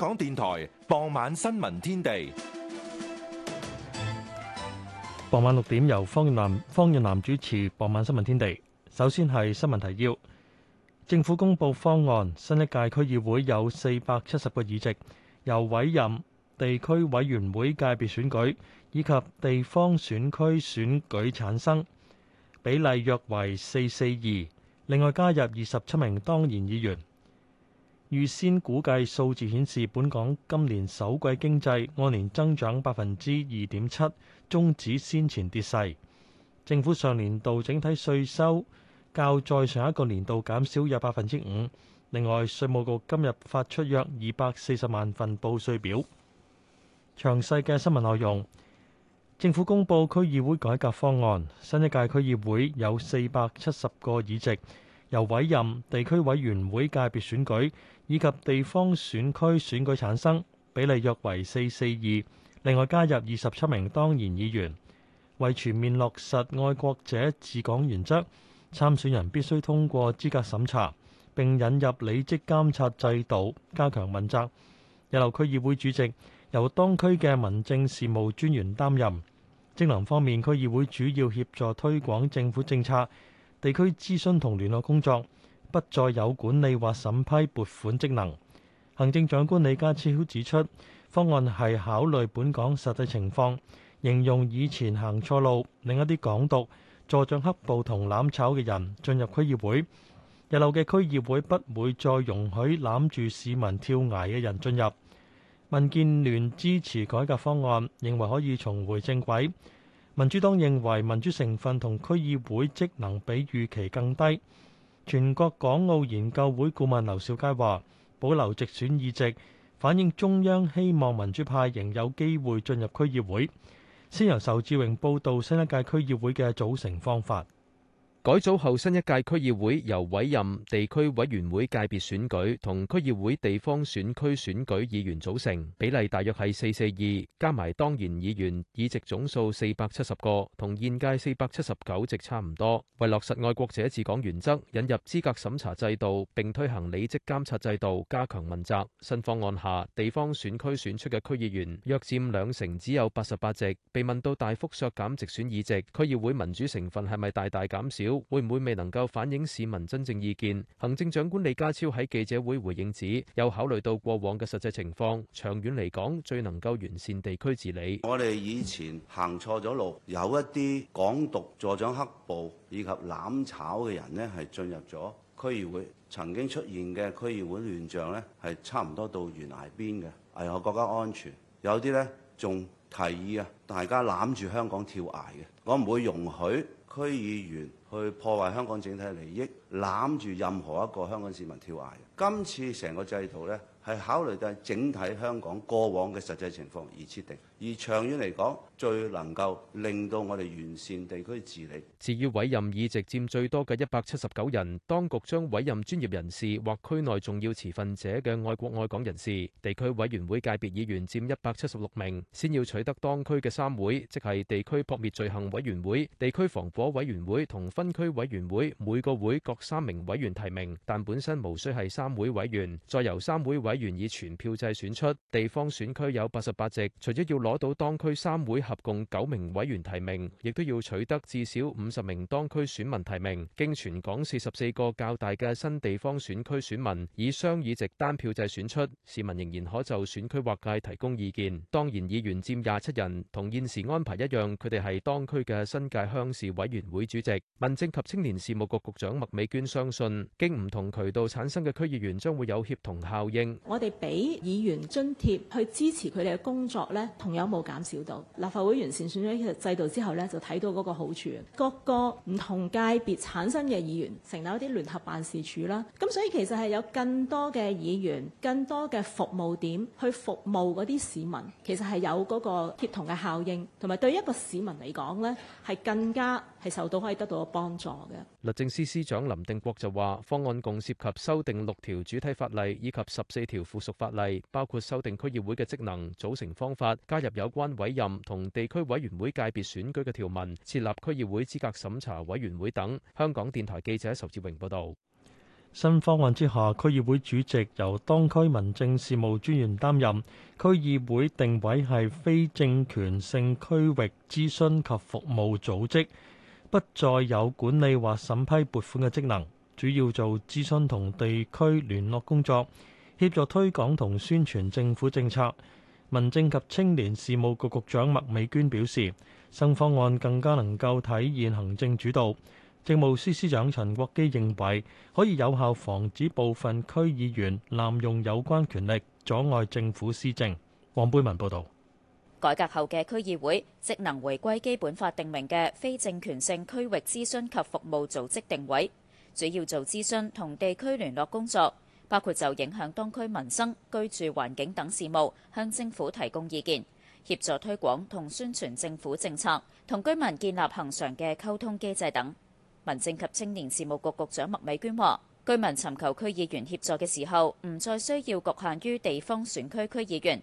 香港電台傍晚新聞天地，傍晚六點由方遠南、方遠南主持傍晚新聞天地。首先係新聞提要：政府公布方案，新一屆區議會有四百七十個議席，由委任、地區委員會界別選舉以及地方選區選舉產生，比例約為四四二。另外加入二十七名當然議員。預先估計數字顯示，本港今年首季經濟按年增長百分之二點七，終止先前跌勢。政府上年度整體稅收較再上一個年度減少約百分之五。另外，稅務局今日發出約二百四十萬份報稅表。詳細嘅新聞內容，政府公布區議會改革方案，新一屆區議會有四百七十個議席，由委任、地區委員會界別選舉以及地方選區選舉產生，比例約為四四二。另外加入二十七名當然議員，為全面落實愛國者治港原則，參選人必須通過資格審查，並引入履職監察制度，加強問責。日流區議會主席由當區嘅民政事務專員擔任。職能方面，區議會主要協助推廣政府政策。地區諮詢同聯絡工作不再有管理或審批撥款職能。行政長官李家超指出，方案係考慮本港實際情況，形容以前行錯路，令一啲港獨、助長黑暴同攬炒嘅人進入區議會。日後嘅區議會不會再容許攬住市民跳崖嘅人進入。民建聯支持改革方案，認為可以重回正軌。民主黨認為民主成分同區議會職能比預期更低。全國港澳研究會顧問劉兆佳話：保留直選議席，反映中央希望民主派仍有機會進入區議會。先由仇志榮報道新一屆區議會嘅組成方法。改組後，新一屆區議會由委任、地區委員會界別選舉同區議會地方選區選舉議員組成，比例大約係四四二，加埋當然議員，議席總數四百七十個，同現屆四百七十九席差唔多。為落實愛國者治港原則，引入資格審查制度，並推行履職監察制度，加強問責。新方案下，地方選區選出嘅區議員約佔兩成，只有八十八席。被問到大幅削減直選議席，區議會民主成分係咪大大減少？會唔會未能夠反映市民真正意見？行政長官李家超喺記者會回應指，有考慮到過往嘅實際情況，長遠嚟講最能夠完善地區治理。我哋以前行錯咗路，有一啲港獨助長黑暴以及攬炒嘅人呢，係進入咗區議會，曾經出現嘅區議會亂象呢，係差唔多到懸崖邊嘅，危害國家安全，有啲呢仲提議啊，大家攬住香港跳崖嘅，我唔會容許。區議員去破壞香港整體利益，攬住任何一個香港市民跳崖。今次成個制度呢，係考慮到係整體香港過往嘅實際情況而設定。而長遠嚟講，最能夠令到我哋完善地區治理。至於委任議席佔最多嘅一百七十九人，當局將委任專業人士或區內重要持份者嘅愛國愛港人士。地區委員會界別議員佔一百七十六名，先要取得當區嘅三會，即係地區撲滅罪行委員會、地區防火委員會同分區委員會，每個會各三名委員提名，但本身無需係三會委員，再由三會委員以全票制選出。地方選區有八十八席，除咗要落，攞到當區三會合共九名委員提名，亦都要取得至少五十名當區選民提名。經全港四十四個較大嘅新地方選區選民以雙議席單票制選出，市民仍然可就選區劃界提供意見。當然，議員佔廿七人，同現時安排一樣，佢哋係當區嘅新界鄉事委員會主席。民政及青年事務局局長麥美娟相信，經唔同渠道產生嘅區議員將會有協同效應。我哋俾議員津貼去支持佢哋嘅工作呢，同。有冇減少到？立法會完善選舉制度之後咧，就睇到嗰個好處。各個唔同界別產生嘅議員，成立一啲聯合辦事處啦。咁所以其實係有更多嘅議員，更多嘅服務點去服務嗰啲市民。其實係有嗰個協同嘅效應，同埋對一個市民嚟講咧，係更加係受到可以得到幫助嘅。律政司司長林定國就話，方案共涉及修訂六條主體法例，以及十四條附屬法例，包括修訂區議會嘅職能、組成方法、加入有關委任同地區委員會界別選舉嘅條文設立區議會資格審查委員會等。香港電台記者仇志榮報道。新方案之下，區議會主席由當區民政事務專員擔任，區議會定位係非政權性區域諮詢及服務組織。不再有管理或審批撥款嘅職能，主要做諮詢同地區聯絡工作，協助推廣同宣傳政府政策。民政及青年事務局局長麥美娟表示，新方案更加能夠體現行政主導。政務司司長陳國基認為，可以有效防止部分區議員濫用有關權力，阻礙政府施政。黃貝文報道。改革後嘅區議會，即能回歸基本法定名嘅非政權性區域諮詢及服務組織定位，主要做諮詢同地區聯絡工作，包括就影響當區民生、居住環境等事務向政府提供意見，協助推廣同宣傳政府政策，同居民建立恒常嘅溝通機制等。民政及青年事務局局，局長麥美娟話，居民尋求區議員協助嘅時候，唔再需要局限於地方選區區議員。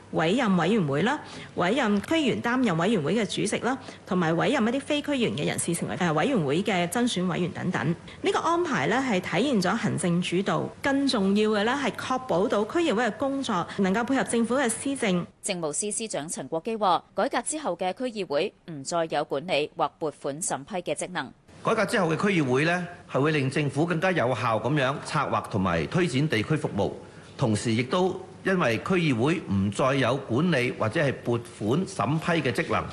委任委員會啦，委任區議員擔任委員會嘅主席啦，同埋委任一啲非區議員嘅人士成為誒委員會嘅增選委員等等。呢個安排咧係體現咗行政主導，更重要嘅咧係確保到區議會嘅工作能夠配合政府嘅施政。政務司司長陳國基話改革之後嘅區議會唔再有管理或撥款審批嘅職能。改革之後嘅區議會咧，係會令政府更加有效咁樣策劃同埋推展地區服務，同時亦都。因為區議會唔再有管理或者係撥款審批嘅職能，呢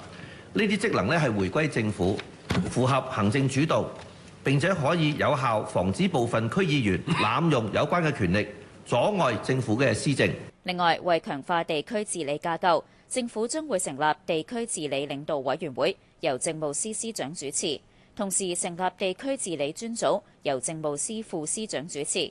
啲職能咧係回歸政府，符合行政主導，並且可以有效防止部分區議員濫用有關嘅權力，阻礙政府嘅施政。另外，為強化地區治理架構，政府將會成立地區治理領導委員會，由政務司司長主持，同時成立地區治理專組，由政務司副司長主持。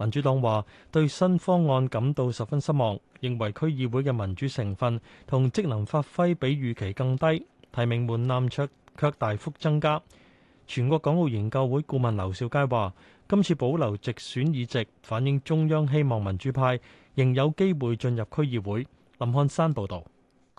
民主黨話對新方案感到十分失望，認為區議會嘅民主成分同職能發揮比預期更低，提名門檻卻卻大幅增加。全國港澳研究會顧問劉少佳話：今次保留直選議席，反映中央希望民主派仍有機會進入區議會。林漢山報導。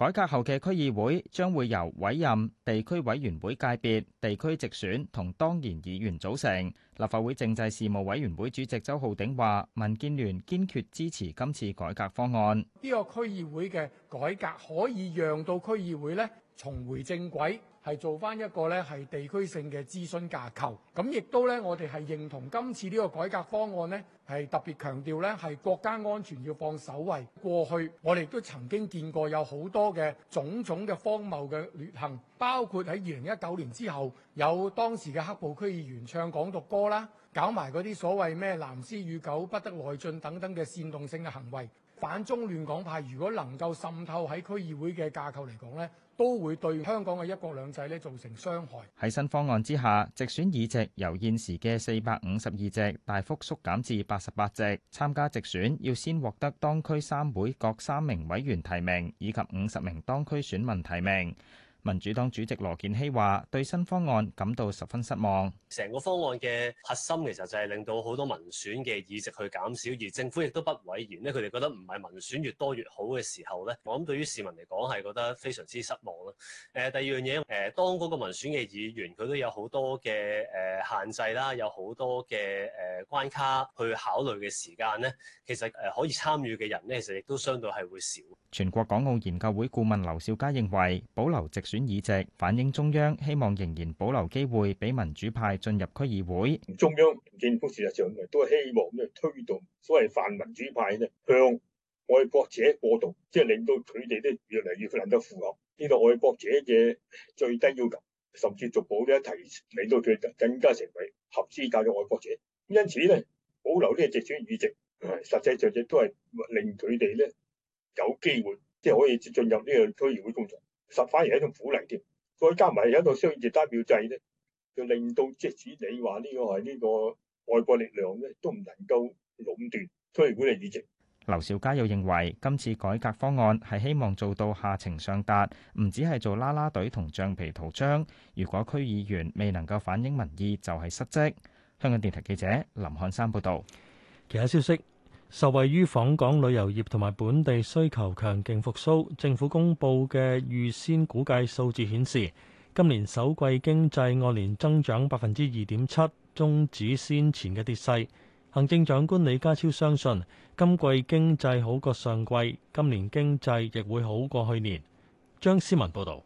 改革後嘅區議會將會由委任、地區委員會界別、地區直選同當然議員組成。立法會政制事務委員會主席周浩鼎話，民建聯堅決支持今次改革方案。呢個區議會嘅改革可以讓到區議會呢重回正軌。係做返一個地區性嘅諮詢架構，咁亦都我哋係認同今次呢個改革方案呢係特別強調呢係國家安全要放首位。過去我哋亦都曾經見過有好多嘅種種嘅荒謬嘅劣行，包括喺二零一九年之後有當時嘅黑暴區議員唱港獨歌啦，搞埋嗰啲所謂咩藍絲與狗不得內進等等嘅煽動性嘅行為。反中亂港派如果能夠滲透喺區議會嘅架構嚟講呢，都會對香港嘅一國兩制呢造成傷害。喺新方案之下，直選議席由現時嘅四百五十二席大幅縮減至八十八席。參加直選要先獲得當區三會各三名委員提名，以及五十名當區選民提名。民主黨主席羅健熙話：對新方案感到十分失望。成個方案嘅核心其實就係令到好多民選嘅議席去減少，而政府亦都不委員咧不諱言。佢哋覺得唔係民選越多越好嘅時候咧，我諗對於市民嚟講係覺得非常之失望啦。誒第二樣嘢誒，當嗰個民選嘅議員佢都有好多嘅誒限制啦，有好多嘅誒關卡去考慮嘅時間咧，其實誒可以參與嘅人咧，其實亦都相對係會少。全國港澳研究會顧問劉兆佳認為，保留直選議席反映中央希望仍然保留機會俾民主派進入區議會。中央政府事實上都希望咧推動所謂泛民主派咧向愛國者過渡，即係令到佢哋咧越嚟越能夠符合呢個愛國者嘅最低要求，甚至逐步咧提令到佢更加成為合資格嘅愛國者。因此咧，保留呢個直選議席，實際上亦都係令佢哋咧。有機會即係可以進入呢個區議會工作，實反而係一種鼓勵添。再加埋一個商業代表制咧，就令到即使你話呢個係呢個外國力量咧，都唔能夠壟斷區議會嘅議席。劉兆佳又認為，今次改革方案係希望做到下情上達，唔只係做啦啦隊同橡皮圖章。如果區議員未能夠反映民意，就係、是、失職。香港電台記者林漢山報道。其他消息。受惠於訪港旅遊業同埋本地需求強勁復甦，政府公佈嘅預先估計數字顯示，今年首季經濟按年增長百分之二點七，終止先前嘅跌勢。行政長官李家超相信，今季經濟好過上季，今年經濟亦會好過去年。張思文報導，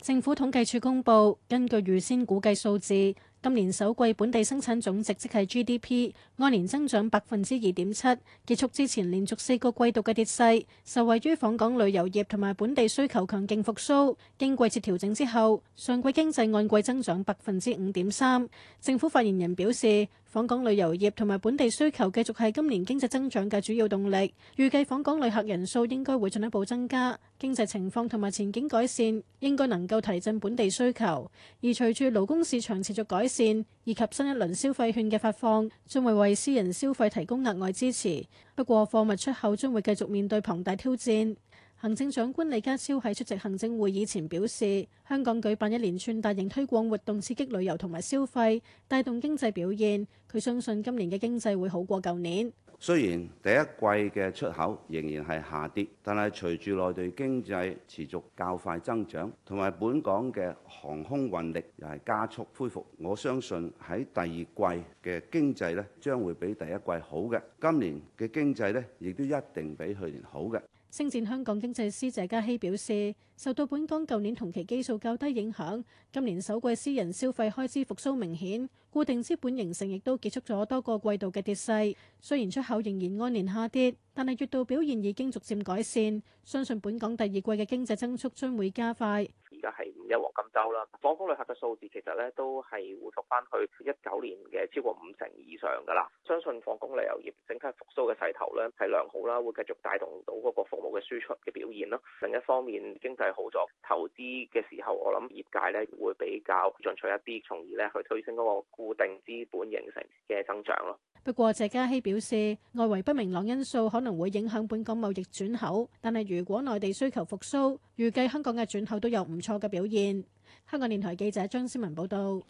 政府統計處公佈根據預先估計數字，今年首季本地生產總值即係 GDP，按年增長百分之二點七，結束之前連續四個季度嘅跌勢，受惠於訪港旅遊業同埋本地需求強勁復甦。經季節調整之後，上季經濟按季增長百分之五點三。政府發言人表示，訪港旅遊業同埋本地需求繼續係今年經濟增長嘅主要動力，預計訪港旅客人數應該會進一步增加。經濟情況同埋前景改善應該能夠提振本地需求，而隨住勞工市場持續改善以及新一輪消費券嘅發放，將會為私人消費提供額外支持。不過，貨物出口將會繼續面對龐大挑戰。行政長官李家超喺出席行政會議前表示，香港舉辦一連串大型推廣活動，刺激旅遊同埋消費，帶動經濟表現。佢相信今年嘅經濟會好過舊年。雖然第一季嘅出口仍然係下跌，但係隨住內地經濟持續較快增長，同埋本港嘅航空運力又係加速恢復。我相信喺第二季嘅經濟呢，將會比第一季好嘅。今年嘅經濟呢，亦都一定比去年好嘅。星展香港經濟師謝家熙表示，受到本港舊年同期基數較低影響，今年首季私人消費開支復甦明顯，固定資本形成亦都結束咗多個季度嘅跌勢。雖然出口仍然按年下跌，但係月度表現已經逐漸改善，相信本港第二季嘅經濟增速將會加快。而家係有黃金周啦，放工旅客嘅數字其實咧都係回復返去一九年嘅超過五成以上㗎啦。相信放工旅遊業整體復甦嘅勢頭咧係良好啦，會繼續帶動到嗰個服務嘅輸出嘅表現咯。另一方面，經濟好咗，投資嘅時候，我諗業界咧會比較進取一啲，從而咧去推升嗰個固定資本形成嘅增長咯。不過，謝嘉熙表示，外圍不明朗因素可能會影響本港貿易轉口，但係如果內地需求復甦，預計香港嘅轉口都有唔錯嘅表現。 香港電台記者張思文報道，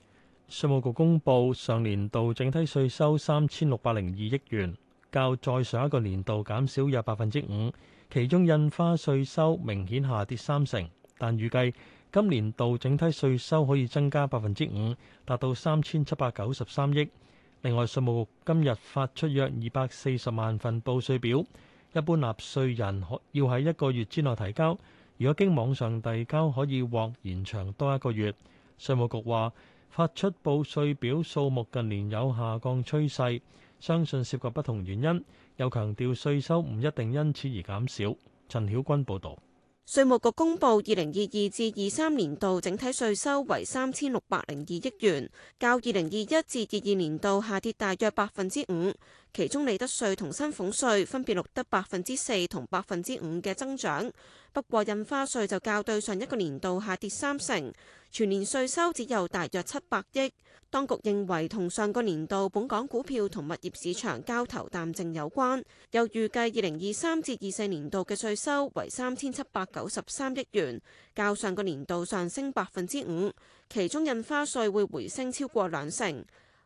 稅務局公佈上年度整體稅收三千六百零二億元，較再上一個年度減少約百分之五，其中印花稅收明顯下跌三成，但預計今年度整體稅收可以增加百分之五，達到三千七百九十三億。另外，稅務局今日發出約二百四十萬份報稅表，一般納稅人要喺一個月之內提交。如果經網上遞交，可以獲延長多一個月。稅務局話，發出報稅表數目近年有下降趨勢，相信涉及不同原因，又強調稅收唔一定因此而減少。陳曉君報導，稅務局公布二零二二至二三年度整體稅收為三千六百零二億元，較二零二一至二二年度下跌大約百分之五。其中利得稅同薪俸稅分別錄得百分之四同百分之五嘅增長。不過印花稅就較對上一個年度下跌三成，全年稅收只有大約七百億。當局認為同上個年度本港股票同物業市場交投淡靜有關，又預計二零二三至二四年度嘅稅收為三千七百九十三億元，較上個年度上升百分之五，其中印花稅會回升超過兩成。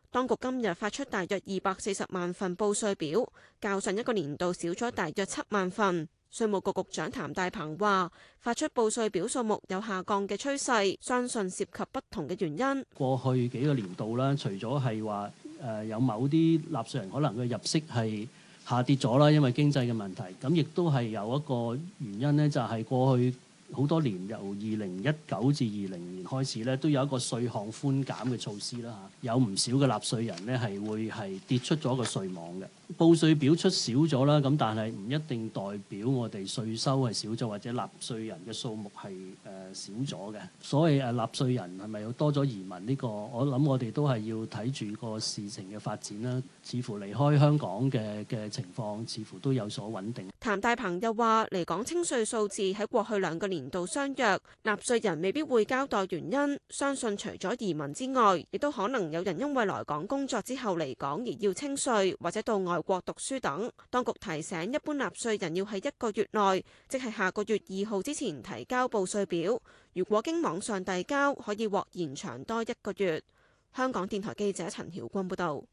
當局今日發出大約二百四十萬份報稅表，較上一個年度少咗大約七萬份。稅務局局長譚大鵬話，發出報稅表數目有下降嘅趨勢，相信涉及不同嘅原因。過去幾個年度咧，除咗係話誒有某啲納稅人可能嘅入息係下跌咗啦，因為經濟嘅問題，咁亦都係有一個原因呢，就係過去好多年，由二零一九至二零年開始呢，都有一個稅項寬減嘅措施啦吓，有唔少嘅納稅人呢係會係跌出咗個稅網嘅。報稅表出少咗啦，咁但係唔一定代表我哋稅收係少咗或者納稅人嘅數目係誒少咗嘅。所以誒納稅人係咪有多咗移民呢個？我諗我哋都係要睇住個事情嘅發展啦。似乎離開香港嘅嘅情況，似乎都有所穩定。譚大鵬又話：嚟港清稅數字喺過去兩個年度相若，納稅人未必會交代原因。相信除咗移民之外，亦都可能有人因為來港工作之後嚟港而要清稅，或者到外。國讀書等，當局提醒一般納稅人要喺一個月內，即係下個月二號之前提交報稅表。如果經網上遞交，可以獲延長多一個月。香港電台記者陳曉君報道。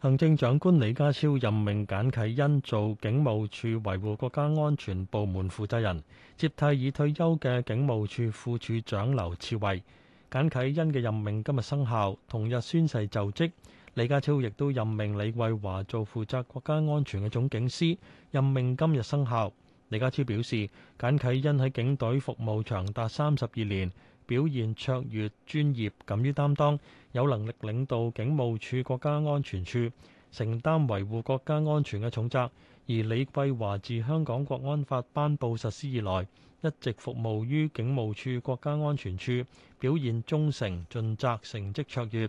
行政長官李家超任命簡啟恩做警務處維護國家安全部門負責人，接替已退休嘅警務處副處長劉賜蕙。簡啟恩嘅任命今日生效，同日宣誓就職。李家超亦都任命李桂華做負責國家安全嘅總警司，任命今日生效。李家超表示，簡啟恩喺警隊服務長達三十二年，表現卓越、專業、敢於擔當，有能力領導警務處國家安全處，承擔維護國家安全嘅重責。而李桂華自香港國安法頒布實施以來，一直服務於警務處國家安全處，表現忠誠盡責，成績卓越。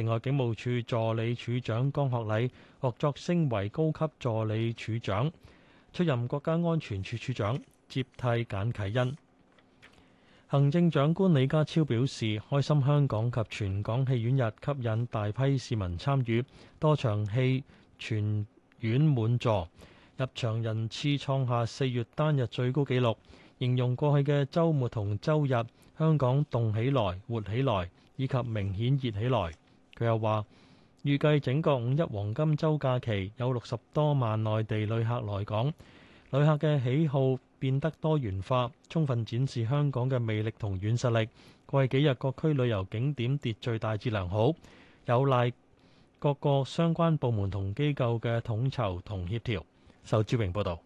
另外，警務處助理處長江學禮獲擢升為高級助理處長，出任國家安全處處長，接替簡啟恩。行政長官李家超表示，開心香港及全港戲院日吸引大批市民參與，多場戲全院滿座，入場人次創下四月單日最高紀錄，形容過去嘅周末同周日，香港動起來、活起來以及明顯熱起來。佢又話：預計整個五一黃金週假期有六十多萬內地旅客來港，旅客嘅喜好變得多元化，充分展示香港嘅魅力同軟實力。過去幾日各區旅遊景點秩序大致良好，有賴各個相關部門同機構嘅統籌同協調。受志榮報道。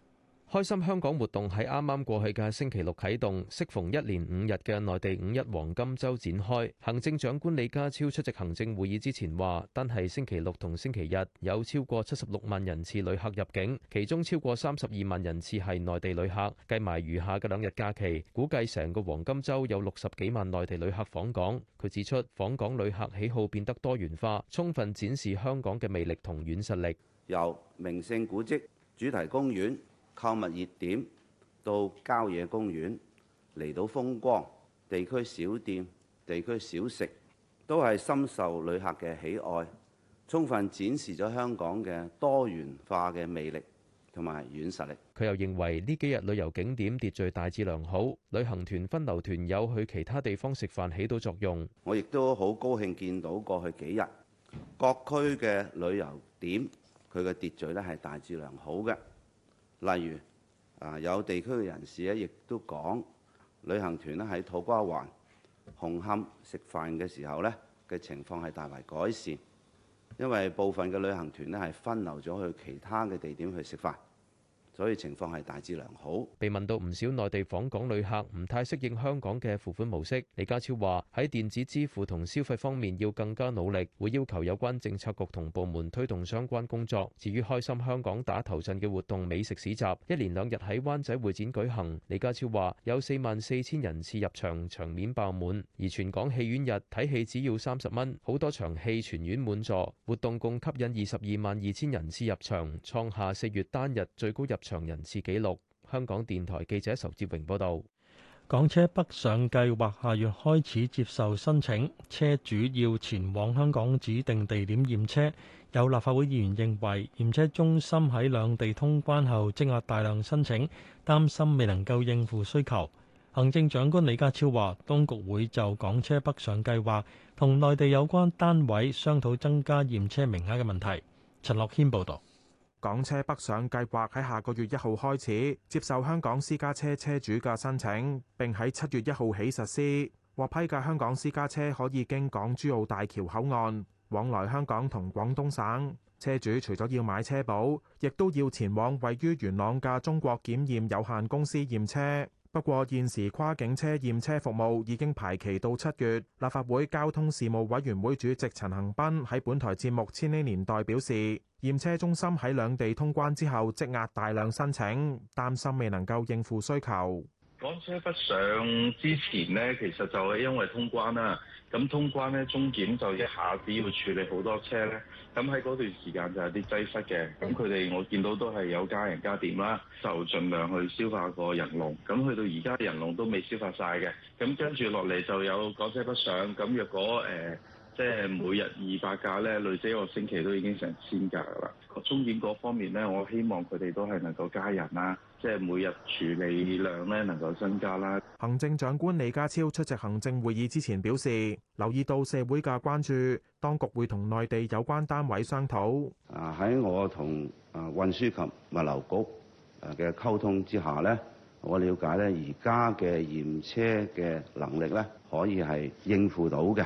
開心香港活動喺啱啱過去嘅星期六啟動，適逢一連五日嘅內地五一黃金週展開。行政長官李家超出席行政會議之前話，單係星期六同星期日有超過七十六萬人次旅客入境，其中超過三十二萬人次係內地旅客。計埋餘下嘅兩日假期，估計成個黃金週有六十幾萬內地旅客訪港。佢指出，訪港旅客喜好變得多元化，充分展示香港嘅魅力同軟實力。由名勝古蹟、主題公園，購物熱點到郊野公園，嚟到風光、地區小店、地區小食，都係深受旅客嘅喜愛，充分展示咗香港嘅多元化嘅魅力同埋軟實力。佢又認為呢幾日旅遊景點秩序大致良好，旅行團分流團友去其他地方食飯起到作用。我亦都好高興見到過去幾日各區嘅旅遊點，佢嘅秩序咧係大致良好嘅。例如，啊有地區嘅人士咧，亦都講旅行團咧喺土瓜灣紅磡食飯嘅時候咧嘅情況係大為改善，因為部分嘅旅行團咧係分流咗去其他嘅地點去食飯。所以情況係大致良好。被問到唔少內地訪港旅客唔太適應香港嘅付款模式，李家超話喺電子支付同消費方面要更加努力，會要求有關政策局同部門推動相關工作。至於開心香港打頭陣嘅活動美食市集，一連兩日喺灣仔會展舉行，李家超話有四萬四千人次入場，場面爆滿，而全港戲院日睇戲只要三十蚊，好多場戲全院滿座。活動共吸引二十二萬二千人次入場，創下四月單日最高入。場人次紀錄。香港電台記者仇志榮報道，港車北上計劃下月開始接受申請，車主要前往香港指定地點驗車。有立法會議員認為，驗車中心喺兩地通關後積壓大量申請，擔心未能夠應付需求。行政長官李家超話，當局會就港車北上計劃同內地有關單位商討增加驗車名額嘅問題。陳樂謙報道。港車北上計劃喺下個月一號開始接受香港私家車車主嘅申請，並喺七月一號起實施。獲批嘅香港私家車可以經港珠澳大橋口岸往來香港同廣東省。車主除咗要買車保，亦都要前往位於元朗嘅中國檢驗有限公司驗車。不過，現時跨境車驗車服務已經排期到七月。立法會交通事務委員會主席陳恒斌喺本台節目《千禧年代》表示，驗車中心喺兩地通關之後積壓大量申請，擔心未能夠應付需求。港車北上之前呢，其實就係因為通關啦。咁通關呢，中檢就一下子要處理好多車呢。咁喺嗰段時間就有啲擠塞嘅。咁佢哋我見到都係有加人加點啦，就儘量去消化個人龍。咁去到而家人龍都未消化晒嘅。咁跟住落嚟就有港車北上。咁若果誒、呃，即係每日二百架呢，累積一個星期都已經成千架啦。中檢嗰方面呢，我希望佢哋都係能夠加人啦。即係每日處理量咧，能夠增加啦。行政長官李家超出席行政會議之前表示，留意到社會嘅關注，當局會同內地有關單位商討。啊，喺我同啊運輸及物流局誒嘅溝通之下咧，我了解咧，而家嘅驗車嘅能力咧，可以係應付到嘅。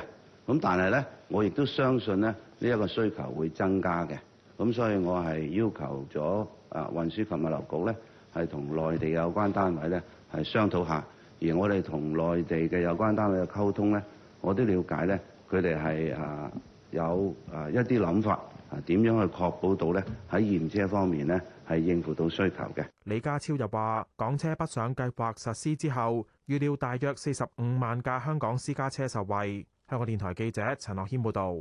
咁但係咧，我亦都相信咧，呢一個需求會增加嘅。咁所以我係要求咗啊運輸及物流局咧。係同內地有關單位咧係商討下，而我哋同內地嘅有關單位嘅溝通咧，我都了解咧，佢哋係啊有啊一啲諗法啊，點樣去確保到咧喺驗車方面咧係應付到需求嘅。李家超又話：港車北上計劃實施之後，預料大約四十五萬架香港私家車受惠。香港電台記者陳樂軒報導。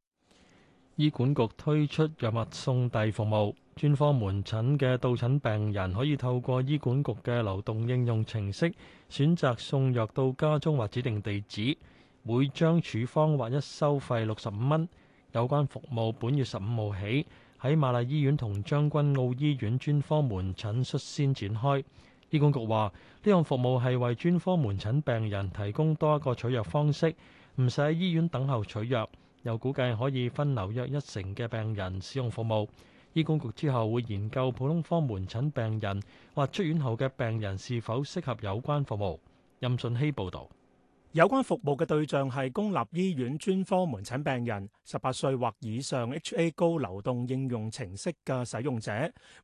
醫管局推出藥物送遞服務。專科門診嘅到診病人可以透過醫管局嘅流動應用程式選擇送藥到家中或指定地址，每張處方或一收費六十五蚊。有關服務本月十五號起喺瑪麗醫院同將軍澳醫院專科門診率先展開。醫管局話，呢項服務係為專科門診病人提供多一個取藥方式，唔使喺醫院等候取藥，又估計可以分流約一成嘅病人使用服務。醫管局之後會研究普通科門診病人或出院後嘅病人是否適合有關服務。任信希報導，有關服務嘅對象係公立醫院專科門診病人，十八歲或以上，HA 高流動應用程式嘅使用者。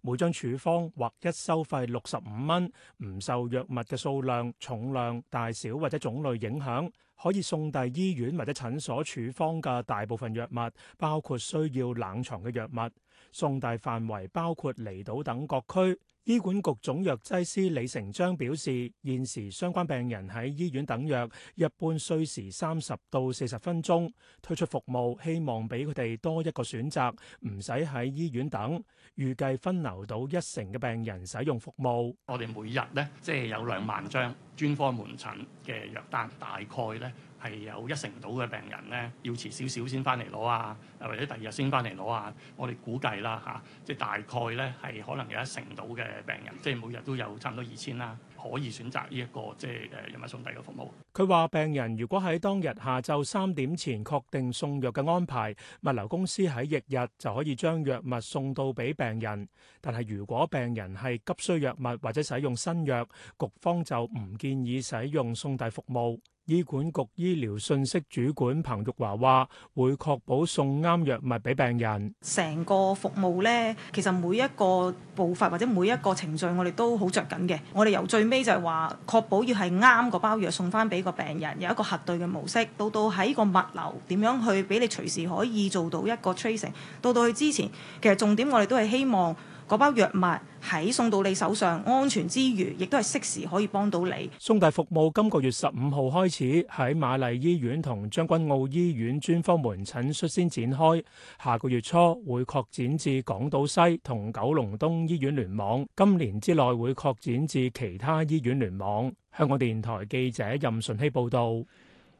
每張處方或一收費六十五蚊，唔受藥物嘅數量、重量、大小或者種類影響，可以送遞醫院或者診所處方嘅大部分藥物，包括需要冷藏嘅藥物。重大範圍包括離島等各區。醫管局總藥劑師李成章表示，現時相關病人喺醫院等藥一般需時三十到四十分鐘，推出服務，希望俾佢哋多一個選擇，唔使喺醫院等。預計分流到一成嘅病人使用服務。我哋每日呢，即係有兩萬張專科門診嘅藥單，大概呢。係有一成到嘅病人咧，要遲少少先翻嚟攞啊，或者第二日先翻嚟攞啊。我哋估計啦嚇、啊，即係大概咧係可能有一成到嘅病人，即係每日都有差唔多二千啦，可以選擇呢、這、一個即係誒藥物送遞嘅服務。佢話：病人如果喺當日下晝三點前確定送藥嘅安排，物流公司喺翌日就可以將藥物送到俾病人。但係如果病人係急需藥物或者使用新藥，局方就唔建議使用送遞服務。醫管局醫療信息主管彭玉華話，會確保送啱藥物俾病人。成個服務呢，其實每一個步伐或者每一個程序我，我哋都好着緊嘅。我哋由最尾就係話，確保要係啱個包藥送翻俾個病人，有一個核對嘅模式。到到喺個物流點樣去俾你隨時可以做到一個 tracing。到到去之前，其實重點我哋都係希望。嗰包藥物喺送到你手上安全之餘，亦都係適時可以幫到你。送遞服務今個月十五號開始喺瑪麗醫院同將軍澳醫院專科門診率先展開，下個月初會擴展至港島西同九龍東醫院聯網，今年之內會擴展至其他醫院聯網。香港電台記者任順希報導。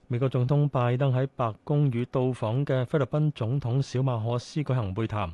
美國總統拜登喺白宮與到訪嘅菲律賓總統小馬可斯舉行會談。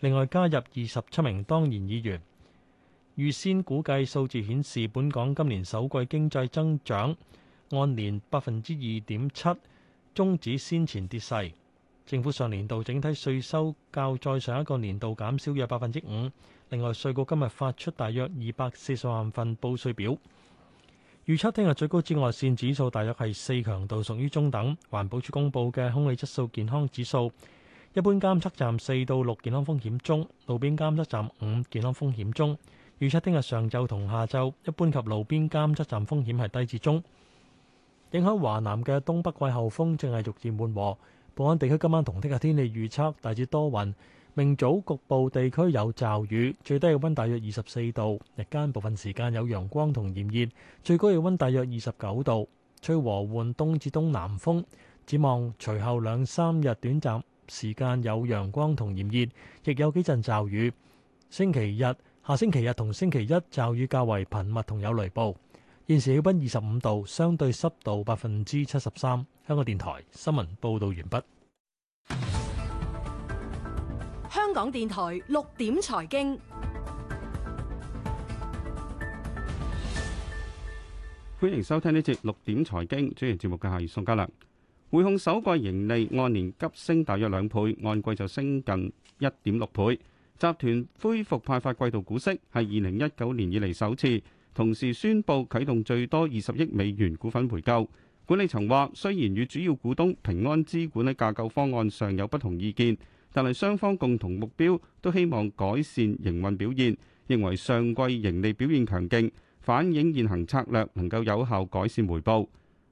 另外加入二十七名當然議員，預先估計數字顯示本港今年首季經濟增長按年百分之二點七，終止先前跌勢。政府上年度整體稅收較再上一個年度減少約百分之五。另外，稅局今日發出大約二百四十萬份報稅表。預測聽日最高紫外線指數大約係四強度，屬於中等。環保署公佈嘅空氣質素健康指數，一般監測站四到六健康風險中，路邊監測站五健康風險中。預測聽日上晝同下晝一般及路邊監測站風險係低至中。影響華南嘅東北季候風正係逐漸緩和。本港地區今晚同聽日天氣預測大致多雲，明早局部地區有驟雨，最低氣溫大約二十四度，日間部分時間有陽光同炎熱，最高氣溫大約二十九度，吹和緩東至東南風。展望隨後兩三日短暫時間有陽光同炎熱，亦有幾陣驟雨。星期日、下星期日同星期一驟雨較為頻密，同有雷暴。現時氣溫二十五度，相對濕度百分之七十三。香港電台新聞報道完畢。香港電台六點財經，財經歡迎收聽呢節六點財經。主持節目嘅係宋嘉良。匯控首季盈利按年急升，大約兩倍，按季就升近一點六倍。集團恢復派發季度股息，係二零一九年以嚟首次，同時宣布啟動最多二十億美元股份回購。管理層話：雖然與主要股東平安資管喺架構方案上有不同意見，但係雙方共同目標都希望改善營運表現，認為上季盈利表現強勁，反映現行策略能夠有效改善回報。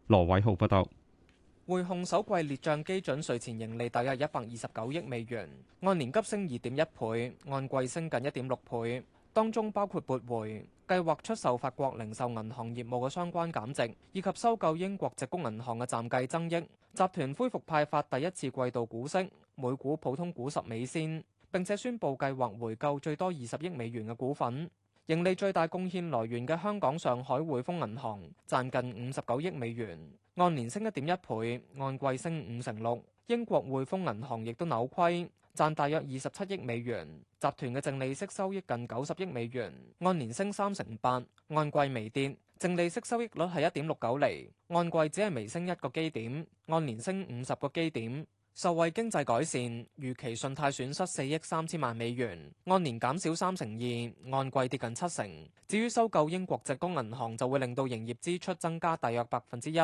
羅偉浩報道。匯控首季列賬基準稅前盈利大約一百二十九億美元，按年急升二點一倍，按季升近一點六倍。當中包括撥回計劃出售法國零售銀行業務嘅相關減值，以及收購英國矽谷銀行嘅暫計增益。集團恢復派發第一次季度股息，每股普通股十美仙，並且宣布計劃回購最多二十億美元嘅股份。盈利最大貢獻來源嘅香港上海匯豐銀行賺近五十九億美元。按年升一點一倍，按季升五成六。英國匯豐銀行亦都扭虧，賺大約二十七億美元，集團嘅淨利息收益近九十億美元，按年升三成八，按季微跌，淨利息收益率係一點六九厘。按季只係微升一個基點，按年升五十個基點。受惠經濟改善，預期信貸損失四億三千萬美元，按年減少三成二，按季跌近七成。至於收購英國直供銀行，就會令到營業支出增加大約百分之一。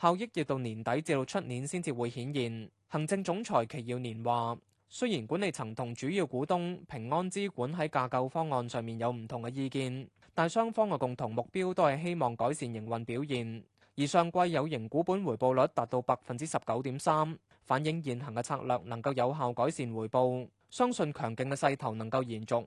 效益要到年底至到出年先至會顯現。行政總裁祁耀年話，雖然管理層同主要股東平安資管喺架構方案上面有唔同嘅意見，但雙方嘅共同目標都係希望改善營運表現。而上季有形股本回報率達到百分之十九點三，反映現行嘅策略能夠有效改善回報，相信強勁嘅勢頭能夠延續。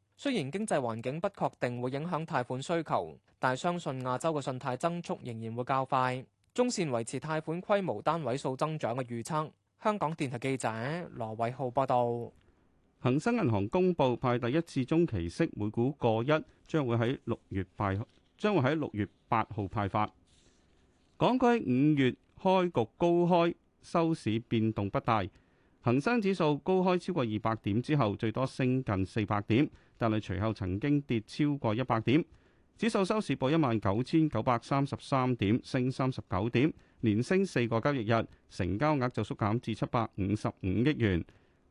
雖然經濟環境不確定會影響貸款需求，但相信亞洲嘅信貸增速仍然會較快，中線維持貸款規模單位數增長嘅預測。香港電台記者羅偉浩報道。恒生銀行公布派第一次中期息，每股個一，將會喺六月派，將會喺六月八號派發。港區五月開局高開，收市變動不大。恒生指數高開超過二百點之後，最多升近四百點。但係隨後曾經跌超過一百點，指數收市報一萬九千九百三十三點，升三十九點，連升四個交易日，成交額就縮減至七百五十五億元，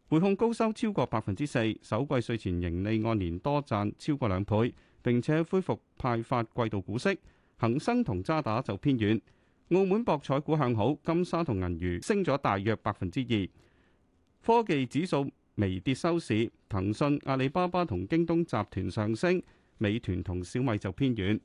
匯控高收超過百分之四，首季稅前盈利按年多賺超過兩倍，並且恢復派發季度股息。恒生同渣打就偏軟，澳門博彩股向好，金沙同銀娛升咗大約百分之二，科技指數。微跌收市，騰訊、阿里巴巴同京東集團上升，美團同小米就偏軟。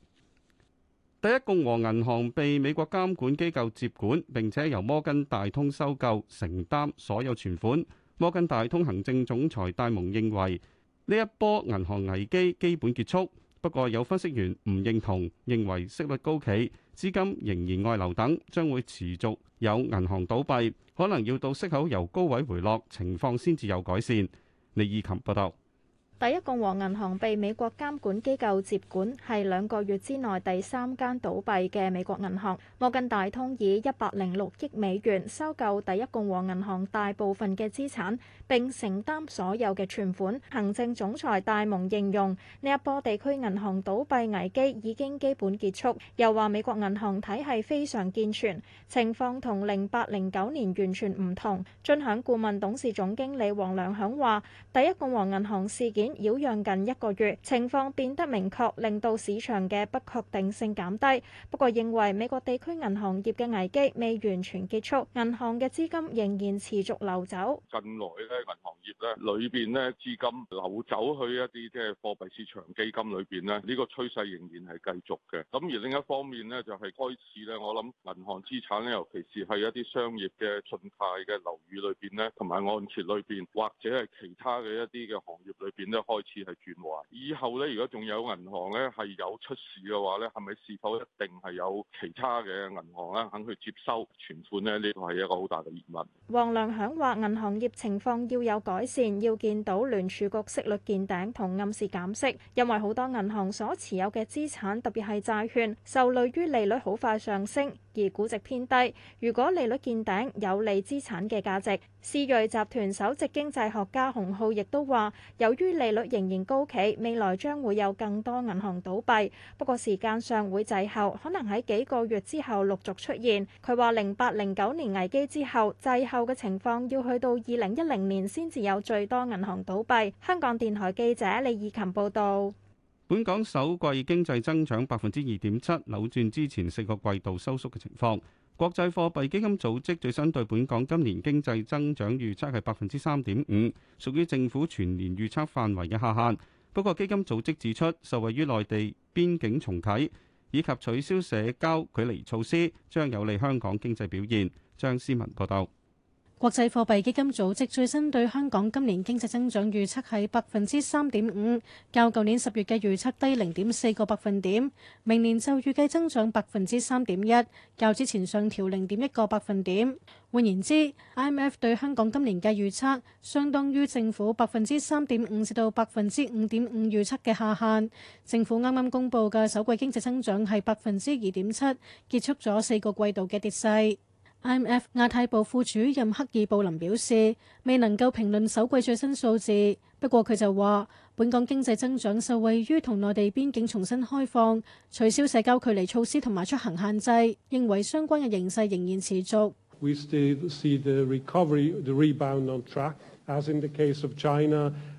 第一共和銀行被美國監管機構接管，並且由摩根大通收購，承擔所有存款。摩根大通行政總裁戴蒙認為，呢一波銀行危機基本結束。不過有分析員唔認同，認為息率高企，資金仍然外流等，將會持續有銀行倒閉，可能要到息口由高位回落，情況先至有改善。李以琴報道。第一共和銀行被美國監管機構接管，係兩個月之內第三間倒閉嘅美國銀行。摩根大通以一百零六億美元收購第一共和銀行大部分嘅資產，並承擔所有嘅存款。行政總裁戴蒙形容呢一波地區銀行倒閉危機已經基本結束，又話美國銀行體系非常健全，情況同零八零九年完全唔同。進響顧問董事總經理黃良響話：第一共和銀行事件，擾攘近一個月，情況變得明確，令到市場嘅不確定性減低。不過認為美國地區銀行業嘅危機未完全結束，銀行嘅資金仍然持續流走。近來咧，銀行業咧裏邊咧資金流走去一啲即係貨幣市場基金裏邊咧，呢、呢個趨勢仍然係繼續嘅。咁而另一方面咧，就係、是、開始咧，我諗銀行資產咧，尤其是係一啲商業嘅信貸嘅樓宇裏邊咧，同埋按揭裏邊或者係其他嘅一啲嘅行業裏邊咧。開始係轉壞，以後咧，如果仲有銀行咧係有出事嘅話咧，係咪是，是否一定係有其他嘅銀行咧肯去接收存款咧？呢個係一個好大嘅疑問。黃良響話，銀行業情況要有改善，要見到聯儲局息率見頂同暗示減息，因為好多銀行所持有嘅資產，特別係債券，受累於利率好快上升。而估值偏低，如果利率見頂，有利資產嘅價值。思睿集團首席經濟學家洪浩亦都話，由於利率仍然高企，未來將會有更多銀行倒閉，不過時間上會滯後，可能喺幾個月之後陸續出現，佢話零八零九年危機之後滯後嘅情況要去到二零一零年先至有最多銀行倒閉，香港電台記者李以琴報道。本港首季經濟增長百分之二點七，扭轉之前四個季度收縮嘅情況，國際貨幣基金組織最新對本港今年經濟增長預測係百分之三點五，屬於政府全年預測範圍嘅下限。不過基金組織指出，受惠於內地邊境重啟以及取消社交距離措施，將有利香港經濟表現。張思文報道。國際貨幣基金組織最新對香港今年經濟增長預測係百分之三點五，較舊年十月嘅預測低零點四個百分點。明年就預計增長百分之三點一，較之前上調零點一個百分點。換言之，IMF 對香港今年嘅預測相當於政府百分之三點五至到百分之五點五預測嘅下限。政府啱啱公布嘅首季經濟增長係百分之二點七，結束咗四個季度嘅跌勢。IMF 亞太部副主任克爾布林表示，未能夠評論首季最新數字。不過佢就話，本港經濟增長受惠於同內地邊境重新開放、取消社交距離措施同埋出行限制，認為相關嘅形勢仍然持續。We still see the recovery, the rebound on track, as in the case of China.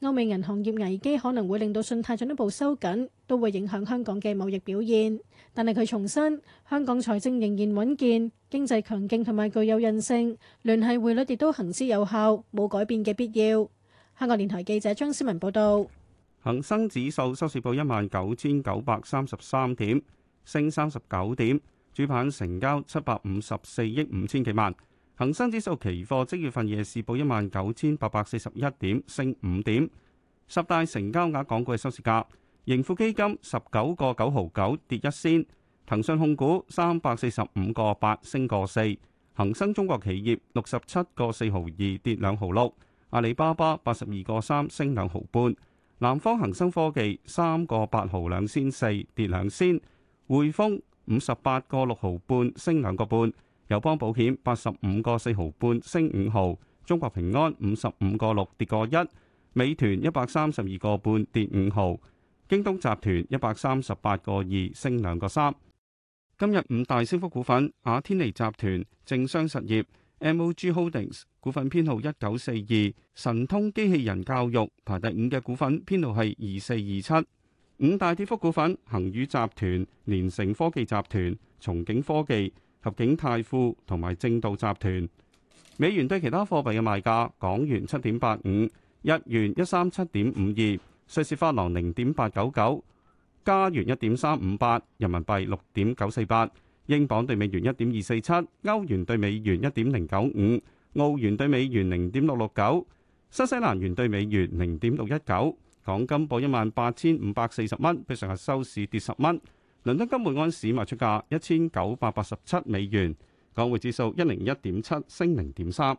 歐美銀行業危機可能會令到信貸進一步收緊，都會影響香港嘅貿易表現。但係佢重申，香港財政仍然穩健，經濟強勁，同埋具有韌性，聯繫匯率亦都行之有效，冇改變嘅必要。香港電台記者張思文報道。恒生指數收市報一萬九千九百三十三點，升三十九點，主板成交七百五十四億五千幾萬。恒生指數期貨即月份夜市報一萬九千八百四十一點，升五點。十大成交額港股嘅收市價：盈富基金十九個九毫九跌一仙，騰訊控股三百四十五個八升個四，恒生中國企業六十七個四毫二跌兩毫六，阿里巴巴八十二個三升兩毫半，南方恒生科技三個八毫兩仙四跌兩仙，匯豐五十八個六毫半升兩個半。友邦保險八十五個四毫半升五毫，中國平安五十五個六跌個一，美團一百三十二個半跌五毫，京東集團一百三十八個二升兩個三。今日五大升幅股份：雅天利集團、正商實業、MOG Holdings 股份編號一九四二；神通機器人教育排第五嘅股份編號係二四二七。五大跌幅股份：恒宇集團、連成科技集團、松景科技。合景泰富同埋正道集團。美元對其他貨幣嘅賣價：港元七點八五，日元一三七點五二，瑞士法郎零點八九九，加元一點三五八，人民幣六點九四八，英鎊兌美元一點二四七，歐元兌美元一點零九五，澳元兌美元零點六六九，新西蘭元兌美元零點六一九。港金報一萬八千五百四十蚊，比上日收市跌十蚊。倫敦金每盎司賣出價一千九百八十七美元，港匯指數一零一點七，升零點三。